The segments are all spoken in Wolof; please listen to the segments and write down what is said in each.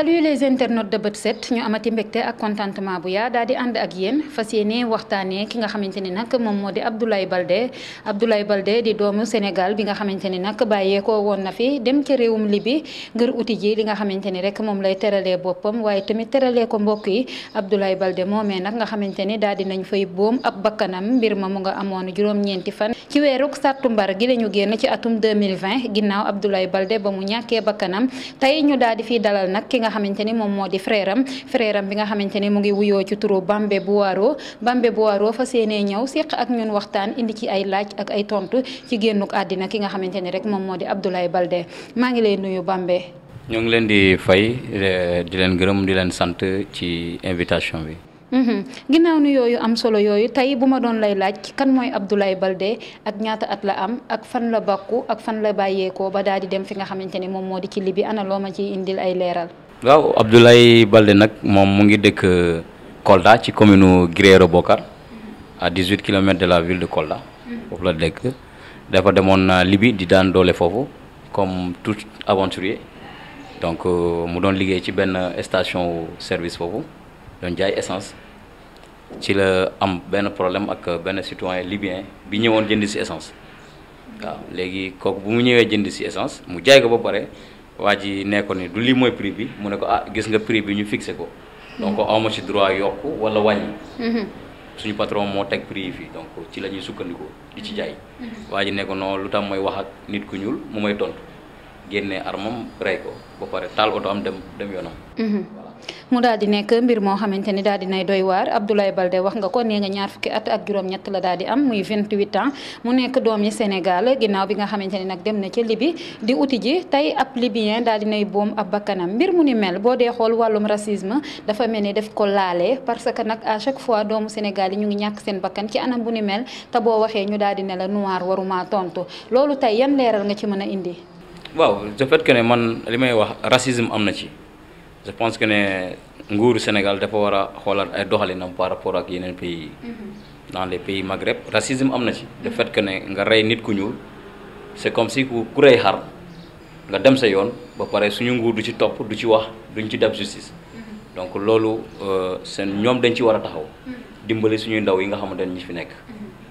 salut les internautes de bët set ñu amati mbégte ak contentement bu yaa daal di ànd ak yéen fas yéene waxtaanee ki nga xamante ni nag moom moo di Abdoulaye Baldé Abdoulaye Baldé di doomu Sénégal bi nga xamante ni nag bàyyeekoo woon na fi dem ca réewum Libi ngir uti ji li nga xamante ni rek moom lay terale boppam waaye tamit teralee ko mbokk yi balde Baldé moomee nag nga xamante ni daal di nañ fay boom ab bakkanam mbir ma mu nga amoon juróom-ñeenti fan ci weeruk sàttumbar gi la ñu génn ci atum 2020 ginnaaw Abdoulaye Baldé ba mu ñàkkee bakkanam tey ñu daal di fiy nga xamante ni moom moo di frère am frère bi nga xamante ni mu ngi wuyoo ci turu Bambe bu Buwaro Bambe Buwaro fa seenee ñëw séq ak ñun waxtaan indi ci ay laaj ak ay tontu ci génnu àddina ki nga xamante ni rek moom moo di Abdoulaye Balde maa ngi lay nuyu Bambe. ñoo ngi leen di fay di leen gërëm di leen sant ci invitation bi. Mm-hmm. ginnaaw nu yooyu am solo yooyu tey bu ma doon lay laaj kan mooy Abdoulaye Balde ak ñaata at la am ak fan la bakku ak fan la bàyyeekoo ba daal di dem fi nga xamante ni moom moo di ci libi ana loo ma ciy indil ay leeral. waaw Abdoulaye Baldé nag moom mu ngi dëkk euh, Kolda ci commune nu Guiréré Bokar à 18 de la ville de Kolda mm-hmm. foofu la dëkk dafa demoon naa euh, libi di daan doole foofu comme tout aventurier donc euh, mu doon liggéey ci benn station service foofu doon jaay essence ci la am benn problème ak benn citoyen libien bi ñëwoon jënd si essence waaw léegi kooku bu mu ñëwee jënd si essence mu jaay ko ba pare. waa ji nekkoon ni du lii mooy prix bi mu ne ko ah gis nga prix bi ñu fixé ko donc mhm. awma ci droit yokk wala wàññi mhm. suñu patron moo teg prix yi fii donc ci la ñuy sukkandikoo di ci jaay mhm. waa ji ne ko non lu tax mooy wax ak nit ku ñuul mu may tontu génnee armam rey ko ba pare taal oto am dem dem yoonam mu daal di nekk mbir moo xamante ni daal di nay doy waar Abdoulaye Balde wax nga ko nee nga ñaar fukki at ak juróom-ñett la daal am muy 28 ans mu nekk doomi Sénégal ginnaaw bi nga xamante ni nag dem na ca Libi di uti ji tey ab Libyen daal di nay boom ab bakkanam mbir mu ni mel boo dee xool wàllum racisme dafa mel ni def ko laale parce que nag à chaque fois doomu Sénégal yi ñu ngi ñàkk seen bakkan ci anam bu ni mel te boo waxee ñu daal di ne la noir waruma tontu loolu tey yan leeral nga ci mën a indi. waaw je fait que li may wax racisme am na ci. je pense que ne nguur Sénégal dafa war a xoolaat ay doxalinam par rapport ak yeneen pays yi. Mhm. dans les pays Maghreb racisme am na ci. le fait que ne nga rey nit ku ñuul c' est comme si ku ku rey xar nga dem sa yoon ba pare suñu nguur du ci topp du ci wax duñ ci def justice. Mhm. donc loolu euh, seen ñoom dañ ci war a taxaw. Mhm. dimbali suñuy ndaw yi nga xamante ne ñi fi nekk.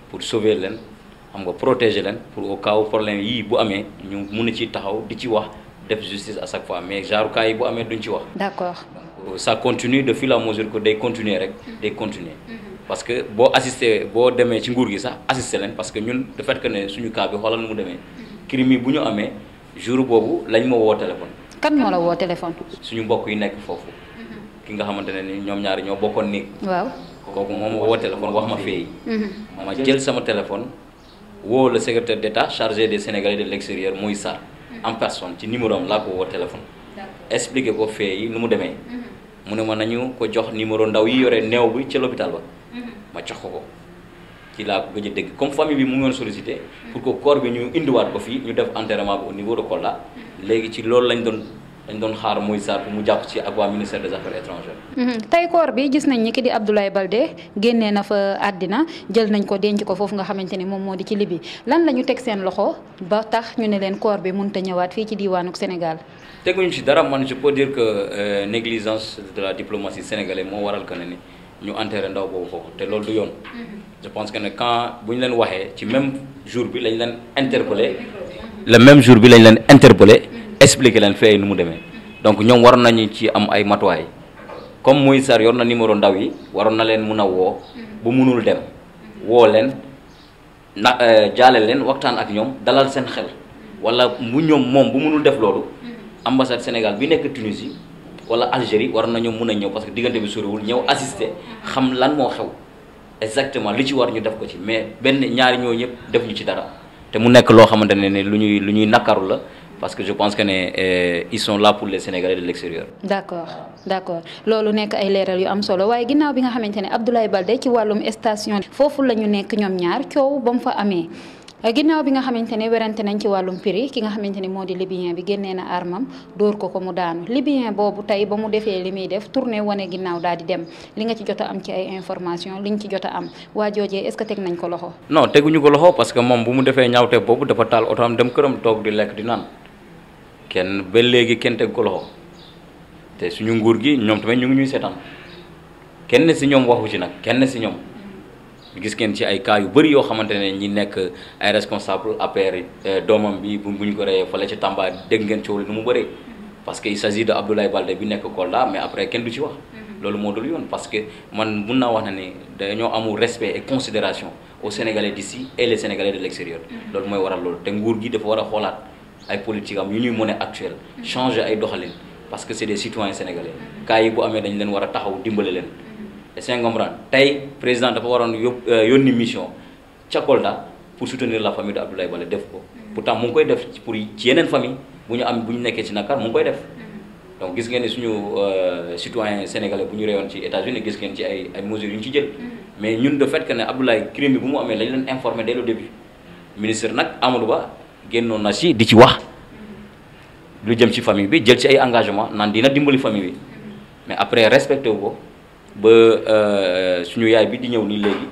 pour sauver leen xam nga protéger leen pour au cas problème yii bu amee ñu mun na ci taxaw di ci wax. def justice à chaque fois mais genre cas bu amee duñ ci wax. d'accord ça continue de fil à mesure que day continuer rek. day continuer mhm. parce que boo assister boo demee ci nguur gi sax assister leen parce que ñun de fait que ne suñu cas bi xoolal nu mu demee. Mhm. crime bu ñu amee jour boobu lañ ma woo téléphone. kan moo la woo téléphone. suñu mbokk yi nekk foofu. Mhm. ki nga xamante ne ni ñoom ñaari ñoo bokkoon néeg. waaw kooku moom ma woo téléphone wax ma fee. ma sama téléphone woo le secrétaire d'État chargé des Sénégalais de l'extérieur muy Sarr. en personne ci numéro am laa ko woo téléphone. expliqué ko fee yi nu mu demee. Mhm. mu ne ma nañu ko jox numéro ndaw yi yore néew bi ca l'hôpital ba. Mhm. ma jox ko ko ci laa ko gëj a dégg comme famille bi mu ngi sollicité. pour que corps bi ñu indiwaat ko fii ñu def enterrement bi au niveau de Kolda. Mhm. léegi ci loolu lañ doon. dañ doon xaar Moïse Sarr mu jàpp ci ak waa ministère des affaires étrangères. Mhm. tey koor bi gis nañ ni ki di Abdoulaye Baldé génnee na fa àddina jël nañ ko denc ko foofu nga xamante ni moom moo di ci Libye lan la ñu teg seen loxo ba tax ñu ne leen coor bi mënut a ñëwaat fii ci diwaanu Sénégal. tegu teguñu ci dara man je peux dire que euh, négligence de la diplomatie sénégalaise moo waral que ne ni ñu enterré ndaw boobu foofu te loolu du yoon. Mhm. je pense que ne quand bu ñu leen waxee ci même jour bi lañ leen interpellé. Mhm. le même jour bi lañ leen interpellé. expliquer leen fee nu mu demee donc ñoom waroon nañu ci am ay matuwaay comme muy sar yor na numéro ndaw yi waroon na leen mun a woo bu munul dem woo leen na euh, jaale leen waxtaan ak ñoom dalal seen xel wala mu ñoom moom bu munul def loolu ambassade Sénégal bi nekk Tunisie wala Algérie war nañoo mun a ñëw parce que diggante bi soriwul ñëw assister xam lan moo xew exactement li ci war ñu def ko ci mais benn ñaari ñoo ñëpp def ñu ci dara te mu nekk loo xamante ne ne lu ñuy lu ñuy nakaru la parce que je pense que ne euh, ils sont là pour les Sénégalais de l'extérieur. d'accord loolu nekk ay leeral yu am solo waaye ginnaaw bi nga xamante ne Abdoulaye Baldé ci wàllum station foofu la ñu nekk ñoom ñaar coow ba mu fa amee. ginnaaw bi nga xamante ne werante nañ ci wàllum prix ki nga xamante ne moo di libyen bi génnee na armam dóor ko ko mu daanu libyen boobu tey ba mu defee li muy def tournée wane ginnaaw daal di dem li nga ci jot am ci ay information li nga ci jot a am waa joojee est-ce que teg nañ ko loxo. non teguñu ko loxo que moom bu mu defee ñaawte boobu dafa taal oto am dem këram toog lekk di naan. kenn ba léegi kenn teg ko loxo te suñu nguur gi ñoom tamit ñu ngi ñuy seetaan kenn si ñoom waxu ci nag kenn si ñoom gis ngeen ci ay kaa yu bëri yoo xamante ne ñi nekk ay responsable APR eh, doomam bi bu buñ ko reyee la ci Tamba dégg ngeen coow li mu bëree parce que il s'agit de Abdoulaye Baldé bi nekk Kolda mais après kenn du ci wax mm-hmm. loolu moo dul yoon parce que man mun naa wax ne ni dañoo amul respect et considération aux Sénégalais si et les Sénégalais de l'extérieur mm-hmm. loolu mooy waral loolu te nguur gi dafa a xoolaat ay politique am yu ñuy mener actuel mm-hmm. changer ay doxalin parce que c' est des citoyens sénégalais mm-hmm. cas yi bu amee dañ leen war a taxaw dimbale leen mm-hmm. et c'est comprendre tey président dafa waroon yób euh, yónni mission ca pour soutenir la famille de Abdoulaye Baldé def ko pourtant mu ngi koy def pour ci yeneen famille bu ñu am bu ñu nekkee ci Dakar mu koy def donc gis ngeen ne suñu euh, citoyen sénégalais bu ñu réewoon ci États-Unis gis ngeen ci ay ay mesures yu ñu ci jël mais ñun de fait que ne Abdoulaye bu mu amee lañ leen informé dès le début ministre nag Amadou Ba génnoon na si di ci wax lu jëm ci famille bi jël ci ay engagement naan dina dimbali famille bi mais après respecté wu ko ba euh, suñu yaay bi di ñëw nii léegi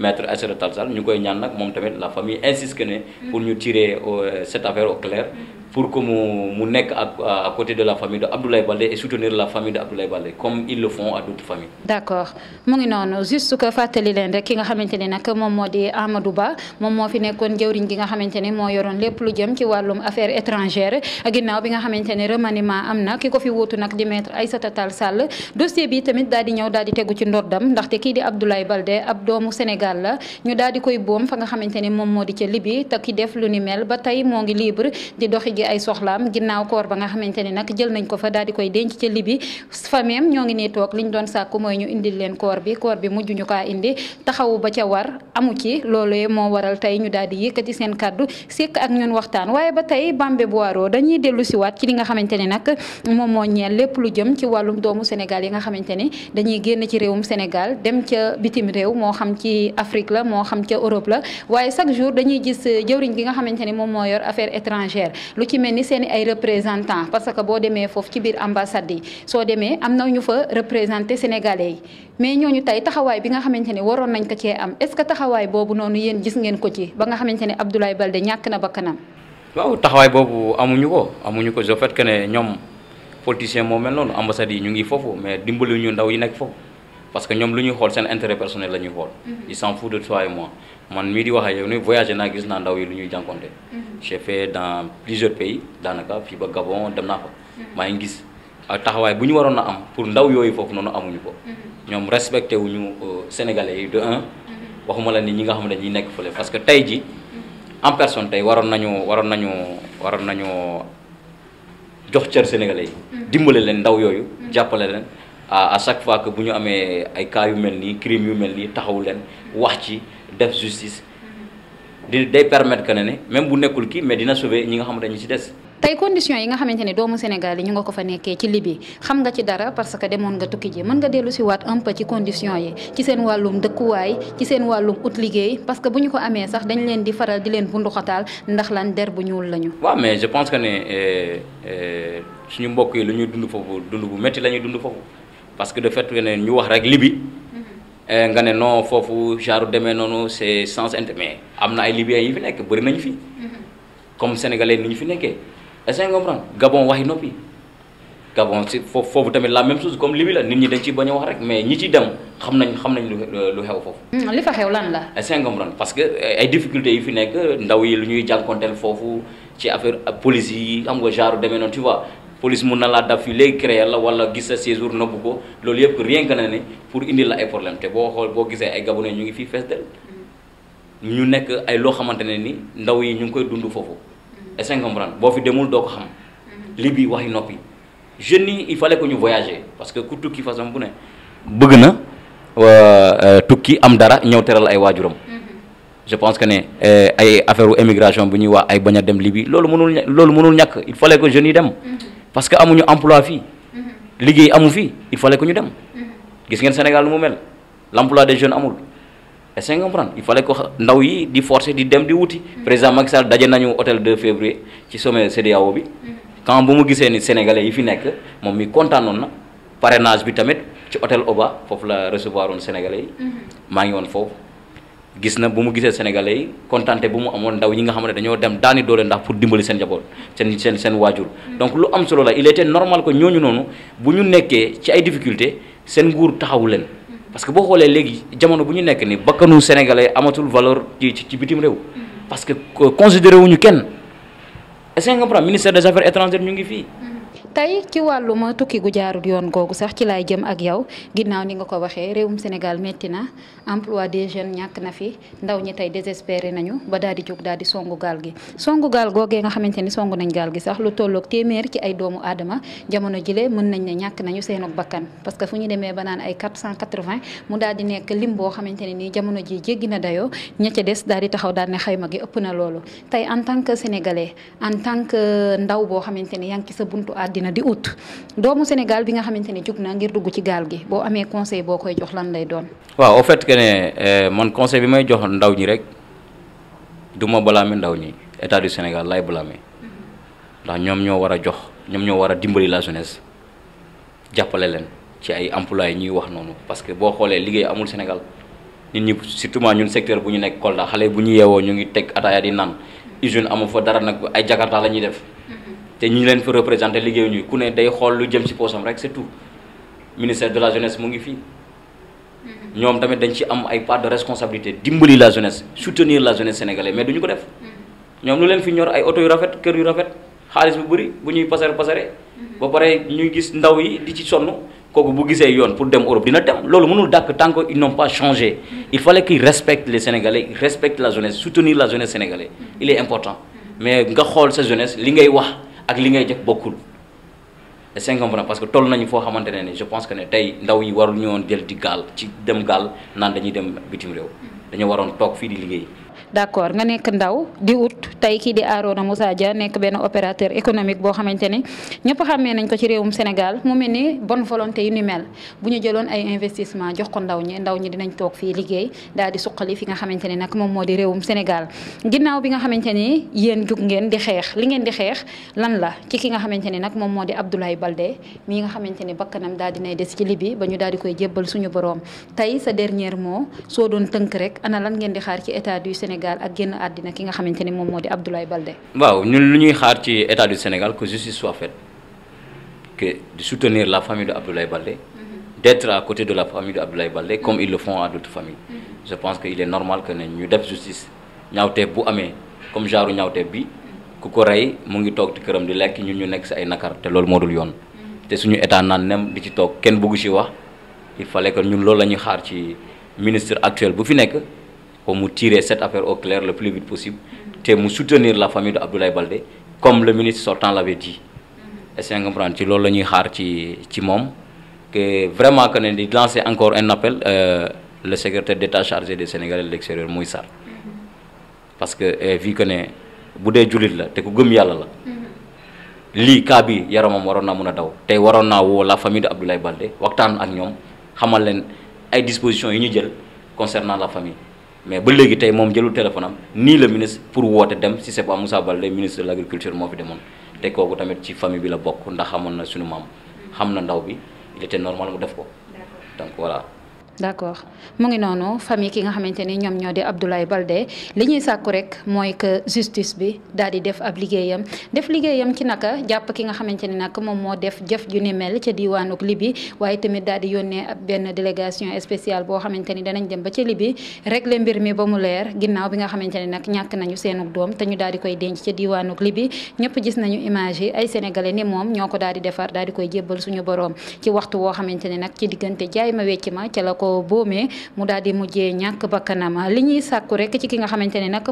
maître Aïssata Tall Sall ñu koy ñaan nag moom tamit la famille insiste que ne pour ñu tirer euh, cette affaire au clair pour que mu mu nekk ak à côté de la famille de Abdoulaye Baldé et soutenir la famille de Abdoulaye Baldé comme ils le font à d'autres familles. d'accord mu ngi noonu juste nga xamante ne nag moo di Amadou lépp lu jëm ci wàllum affaires étrangères ginnaaw bi nga xamante ne remaniement am na ki ko fi wuutu nag di maître Aïssata Tall Sall dossier bi tamit daal di ñëw daal di tegu ci ndoddam ndaxte kii di Abdoulaye Baldé ab doomu Sénégal la ñu daal di koy boom fa nga xamante ne moom moo di ca Libye te ki def ji ay soxlaam ginnaaw koor ba nga xamante ne nag jël nañ ko fa daal di koy denc ca libi fameem ñoo ngi nii toog liñ doon sàkku mooy ñu indil leen koor bi koor bi mujj ñu kaa indi taxawu ba ca war amu ci loolee moo waral tey ñu daal di yëkkati seen kàddu sekk ak ñun waxtaan waaye ba tey Bambe Boiro dañuy dellu siwaat ci li nga xamante ne nag moom moo ñeel lépp lu jëm ci wàllum doomu Sénégal yi nga xamante ne dañuy génn ci réewum Sénégal dem ca bitim réew moo xam ci Afrique la moo xam ca Europe la waaye chaque jour dañuy gis jëwriñ nga xamante ne moom moo yor affaire étrangère ci mel ni seen ay représentant parce que boo demee foofu ci biir ambassade yi soo demee am na ñu fa représenter sénégalais yi mais ñooñu tey taxawaay bi nga xamante ne waroon nañ ko cee am est-ce que taxawaay boobu noonu yéen gis ngeen ko ci ba nga xamante ne Abdoulaye Baldé ñàkk na ba bakkanam waaw taxawaay boobu amuñu ko amuñu ko je fait que ne ñoom politicien moo mel noonu ambassade yi ñu ngi foofu mais dimbali ñu ndaw yi nekk foofu parce que ñoom lu ñuy xool seen intérêt personnel la ñuy xool. Mhm. ils s'en foutent de toi et man mii di wax ak yow nii voyagé naa gis naa ndaw yi lu ñuy jànkonte. Mhm. j'ai fait dans plusieurs pays daanaka fii ba Gabon dem naa fa. Mhm. maa ngi gis a taxawaay bu ñu waroon a am pour ndaw yooyu foofu noonu amuñu ko. ñoom respecté wuñu euh, sénégalais yi de un. waxuma la ni ñi nga xam ne ñi nekk fële parce que tey ji en personne tey waroon nañu waroon nañu waroon nañu jox cër sénégalais yi. dimbale leen ndaw yooyu. jàppale à chaque fois que bu ñu amee ay cas yu mel nii crime yu mel nii taxawu leen wax ci def justice di day permettre que ne ne même bu nekkul kii mais dina sauver ñi nga xam xamante dañu si des. tey condition yi nga xamante ne doomu Sénégal yi ñu nga ko fa nekkee ci Libye xam nga ci dara parce que demoon nga tukki ji mën nga dellu si waat un peu condition yi ci seen wàllum dëkkuwaay ci seen wàllum ut liggéey parce que bu ñu ko amee sax dañ leen di faral di leen bunduxataal ndax lan der bu ñuul lañu. waaw mais je pense que ne euh, euh, suñu mbokk yi lu ñuy dund foofu dund bu métti la ñuy dund foofu. parce que de fait ne ñu wax rek libi mm-hmm. eh, nga ne non foofu genre demee noonu c'est sans intérêt mais am na ay libyens yi fi nekk bëri nañu fi. Mm-hmm. comme sénégalais ni ñu fi nekkee est-ce que comprendre Gabon waxi noppi Gabon si foofu tamit la même chose comme Libye la nit ñi dañ ci bañ a wax rek mais ñi ci dem xam nañ xam nañ lu xew foofu. Mm, li fa xew lan la. est-ce que parce que eh, ay difficultés yi fi nekk ndaw yi lu ñuy jànkonteel foofu ci affaire police yi xam nga genre demee noonu tu police mun na laa daf fii léegi créer la wala gis sa séjour nëbbu ko loolu yëpp rien que na ne pour indi la ay problème te boo xool boo gisee ay gabonais ñu ngi fii fees del ñu nekk ay loo xamante ne ni ndaw yi ñu ngi koy dund foofu mm-hmm. est-ce que boo fi demul doo ko xam mm-hmm. li bi waxi noppi jeunes yi il fallait que ñu voyager parce que ku tukki façon bu ne bëgg na euh, tukki am dara ñëw teral ay waajuram mm-hmm. je pense que ne euh, ay affaire u immigration bu ñuy parce que amuñu emploi fii mhm. liggéey amu fii il fallait que ñu dem mhm. gis ngeen Sénégal lu mu mel l' emploi des jeunes amul est-ce que comprendre il fallait que ndaw yi di force di dem di wuti mhm. président Macky Sall daje nañu hôtel 2 février ci sommet CEDEAO bi quand bu mu gisee ni sénégalais yi fi nekk moom mi kontaanoon na parrainage bi tamit ci hôtel Oba foofu la recevoir woon sénégalais yi maa ngi woon foofu gis na bu mu gisee sénégalais yi bu mu amoon ndaw ñi nga xam ne dañoo dem daani doole ndax pour dimbali seen njaboot seen seen seen waajur mm. donc lu am solo la il était normal que ñooñu noonu bu ñu nekkee ci ay difficulté seen nguur taxawu leen mm. parce que boo xoolee léegi jamono bu ñu nekk ni bakkanu sénégalais amatul valeur ci ci bitim réew mm. parce que considéré wuñu kenn est-ce que nga comprendre ministère des affaires étrangères ñu ngi fii tey ci wàllu ma tukki gu jaarul yoon googu sax ci laay jëm ak yow ginnaaw ni nga ko waxee réewum Sénégal métti na emploi des jeunes ñàkk na fi ndaw ñi tey désespéré nañu ba daal di jóg daal di songu gi songu gaal nga xamante ni songu nañ gaal gi sax lu tolloog téeméer ci ay doomu aadama jamono jile mën nañ ne ñàkk nañu seen bakkan parce que fu ñu demee ba naan ay 480 mu daal di nekk lim boo xamante ne nii jamono ji jéggi na dayoo ña ca des daal di taxaw daal ne xayma gi ëpp na loolu tey en tant que sénégalais en tant que ndaw boo xamante ni yaa ngi ci sa buntu àddina na di ut doomu Sénégal bi nga xamante ne jug naa ngir dugg ci gaal gi boo amee conseil boo koy jox lan lay doon. waaw au fait que ne eh, man conseil bi may jox ndaw ñi rek du ma blâmer ndaw ñi état du Sénégal lay blâmer ndax ñoom ñoo war a jox ñoom ñoo war a dimbali la jeunesse jàppale leen ci ay emplois yi ñuy wax noonu parce que boo xoolee liggéey amul Sénégal. nit ñi surtout ñun secteur bu ñu nekk Kolda xale bu ñu yeewoo ñu ngi teg ataaya di naan usine amu fa dara nag ay jakarta la ñuy def te ñu leen fi représenté liggéey ñu ku ne day xool lu jëm ci poosam rek c'est tout ministère de la jeunesse mu ngi fii mm-hmm. ñoom tamit dañ ci am ay part de responsabilité dimbali la jeunesse soutenir la jeunesse sénégalaise mais duñu ko def mm-hmm. ñoom lu leen fi ñor ay oto yu rafet kër yu rafet xaalis bu bëri bu ñuy pasare pasare mm-hmm. ba pare ñuy gis ndaw yi di ci sonn kooku bu gisee yoon pour dem Europe dina dem loolu mënul dàkk tant que il fallait qu'ils respectent les Sénégalais ils respectent la jeunesse la jeunesse sénégalaise il important mais nga xool sa jeunesse li ngay wax ak li ngay jëf bokkut est-ce parce que toll nañu foo xamante ne ni je pense que ne tey ndaw yi warul ñu woon jël di gaal ci dem gaal naan dañuy dem bitim réew dañu waroon toog fii di liggéey d'accord nga nekk ndaw di ut tey kii di Arona Moussa Dia nekk benn opérateur économique boo xamante ni ñëpp xàmmee nañ ko ci réewum Sénégal mu mel ni bon volonté yu ni mel bu ñu jëloon ay investissement jox ko ndaw ñi ndaw ñi dinañ toog fii liggéey daal di suqali fi nga xamante ni nag moom moo di réewum Sénégal ginnaaw bi nga xamante ni yéen jug ngeen di xeex li ngeen di xeex lan la ci ki nga xamante ni nag moom moo di Abdoulaye Baldé mii nga xamante ni bakkanam daal dinay des ci libi ba ñu daal di koy jébbal suñu boroom tey sa dernier mot soo doon tënk rek ana lan ngeen di xaar ci état du Sénégal Sénégal ak génn àddina ki nga xamante ni moom moo di Abdoulaye Baldé. waaw ñun lu ñuy xaar ci état du Sénégal que justice soit faite que de soutenir la famille de Abdoulaye Baldé. Mm-hmm. d'être à côté de la famille de Abdoulaye Baldé comme mm-hmm. ils le font à d'autres familles. Mm-hmm. je pense que il est normal que ne ñu def justice ñaawteef bu amee comme genre ñaawteef bi ku ko rey mu ngi toog ci këram di lekk ñu ñu nekk si ay nakar te loolu moo dul yoon. te suñu état naan nem di ci toog kenn bëggu ci wax il fallait que ñun loolu la ñuy xaar ci ministre actuel bu fi nekk. pour mu tirer cette affaire au clair le plus vite possible te mu soutenir la famille de Abdoulaye Baldé comme le ministre sortant l'avait dit est-ce que nga ci loolu la ñuy xaar ci ci moom que vraiment que ne di lancer encore un appel euh, le secrétaire d'État chargé des Sénégalais de l'extérieur muy Sarr parce que euh, vu que ne bu dee jullit la te ku gëm yàlla la lii cas bi yaramam waroon naa mën a daw tey waroon naa woo la famille de Abdoulaye Baldé waxtaan ak ñoom xamal leen ay dispositions yi ñu jël concernant la famille mais ba léegi tey moom jëlul téléphone am nii la ministre pour woote dem si c'est pas Moussa Baldé ministre de l'agriculture moo fi demoon te kooku tamit ci famille bi la bokk ndax xamoon na suñu maam xam na ndaw bi il était normal mu def ko donc voilà d' accord mu ngi noonu famille ki nga xamante ni ñoom ñoo di Abdoulaye Baldé li ñuy sàkku rek mooy que justice bi daal di def ab liggéeyam def liggéeyam ci naka jàpp ki nga xamante ni nag moom moo def jëf ju ni mel ca diwaanu Libi waaye tamit daal di yónnee ab benn délégation spéciale boo xamante ni danañ dem ba ca Libi régler mbir mi ba mu leer ginnaaw bi nga xamante ni nag ñàkk nañu seenu doom te ñu daal di koy denc ca diwaanu Libi ñëpp gis nañu image yi ay sénégalais ni moom ñoo ko daal di defar daal di koy jébbal suñu borom ci waxtu woo xamante ni nag ci diggante jaay ma wecc ma ca ko boomee mu daal di mujjee ñàkk bakkanam li ñuy sàkku rek ci ki nga xamante ne nag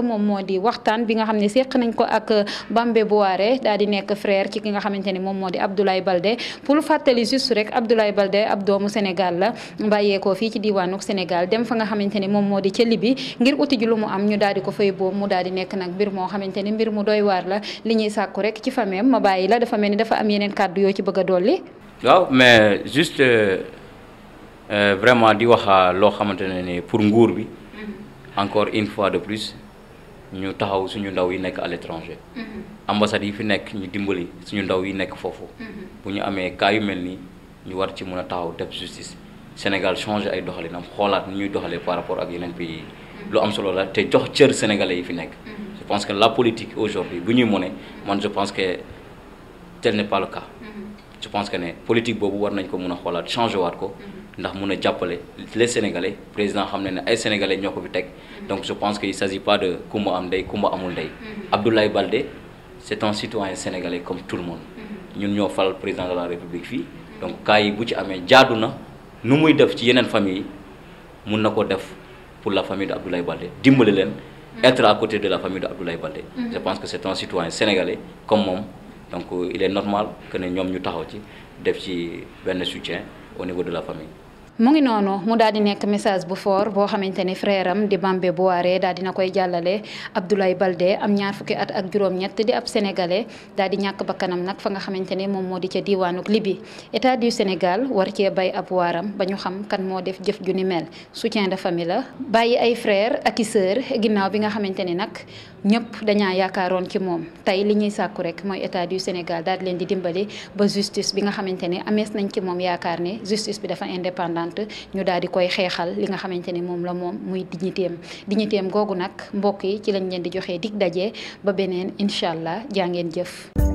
moom moo di waxtaan bi nga xam ne séq nañ ko ak Bambey Bouare daal di nekk frère ci ki nga xamante moom moo di Abdoulaye Baldé Baldé pour fàttali juste rek Abdoulaye Baldé ab doomu Sénégal la bàyyeekoo fii ci diwaanu Sénégal dem fa nga xamante ne moom moo di ca bi ngir uti ji lu mu am ñu daal di ko fay boobu mu daal di nekk nag mbir moo xamante ne mbir mu doy waar la li ñuy sàkku rek ci fameem ma bàyyi la dafa mel ni dafa am yeneen kàddu yoo ci bëgg a dolli. waaw mais juste euh, euh, vraiment di wax loo xamante ne ni pour nguur bi. Mhm. encore une fois de plus ñu taxaw suñu ndaw yi nekk à l'étranger. Mhm. ambassade yi fi nekk ñu dimbali suñu ndaw yi nekk foofu. Mm-hmm. bu ñu amee cas yu mel nii ñu war ci mun a taxaw def justice Sénégal changé ay doxalinam xoolaat ni ñuy doxalee par rapport ak yeneen pays yi. Mm-hmm. lu am solo la te jox cër sénégalais yi fi nekk. Mm-hmm. je pense que la politique aujourd'hui bu ñuy mëne man je pense que tel n'est pas le cas. je pense que ne politique boobu war nañ ko mun a xoolaat changé waat ko. ndax mun a jàppale le sénégalais président xam ne ne ay sénégalais ñoo ko fi teg. donc je pense que il s'agit pas de am ndey kumba amul ndey. Abdoulaye Baldé. c'est un citoyen sénégalais comme tout le monde mm-hmm. ñun ñoo fal président de la république fii donc cas yi bu ci amee jaadu na nu muy def ci yeneen famille yi mun na ko def pour la famille de Abdoulaye Baldé dimbali leen mm-hmm. être à côté de la famille de Abdoulaye Baldé mm-hmm. je pense que c'est un citoyen sénégalais comme moom donc euh, il est normal que ne ñoom ñu taxaw ci def ci benn soutien au niveau de la famille mu ngi noonu mu daal di nekk message bu foor boo xamante ni frère am di Bambey Boiré daal dina koy jàllale Abdoulaye Baldé am ñaar fukki at ak juróom-ñett di ab sénégalais daal di ñàkk bakkanam nag fa nga xamante ne moom moo di ca diwaanuk Libi état du Sénégal war cee bay ab waaram ba ñu xam kan moo def jëf ju ni mel soutien de famille bàyyi ay frère ak i ginnaaw bi nga xamante ni nag ñëpp dañaa yaakaaroon ci moom tey li ñuy sàkku rek mooy état du Sénégal daal di leen di dimbali ba justice bi nga xamante ne amees nañ ci moom yaakaar ne justice bi dafa indépendante importante ñu daal di koy xeexal li nga xamante ne moom la moom muy dignitéem dignitéem googu nag mbokk yi ci lañ leen di joxee dig daje ba beneen incha allah jaa jëf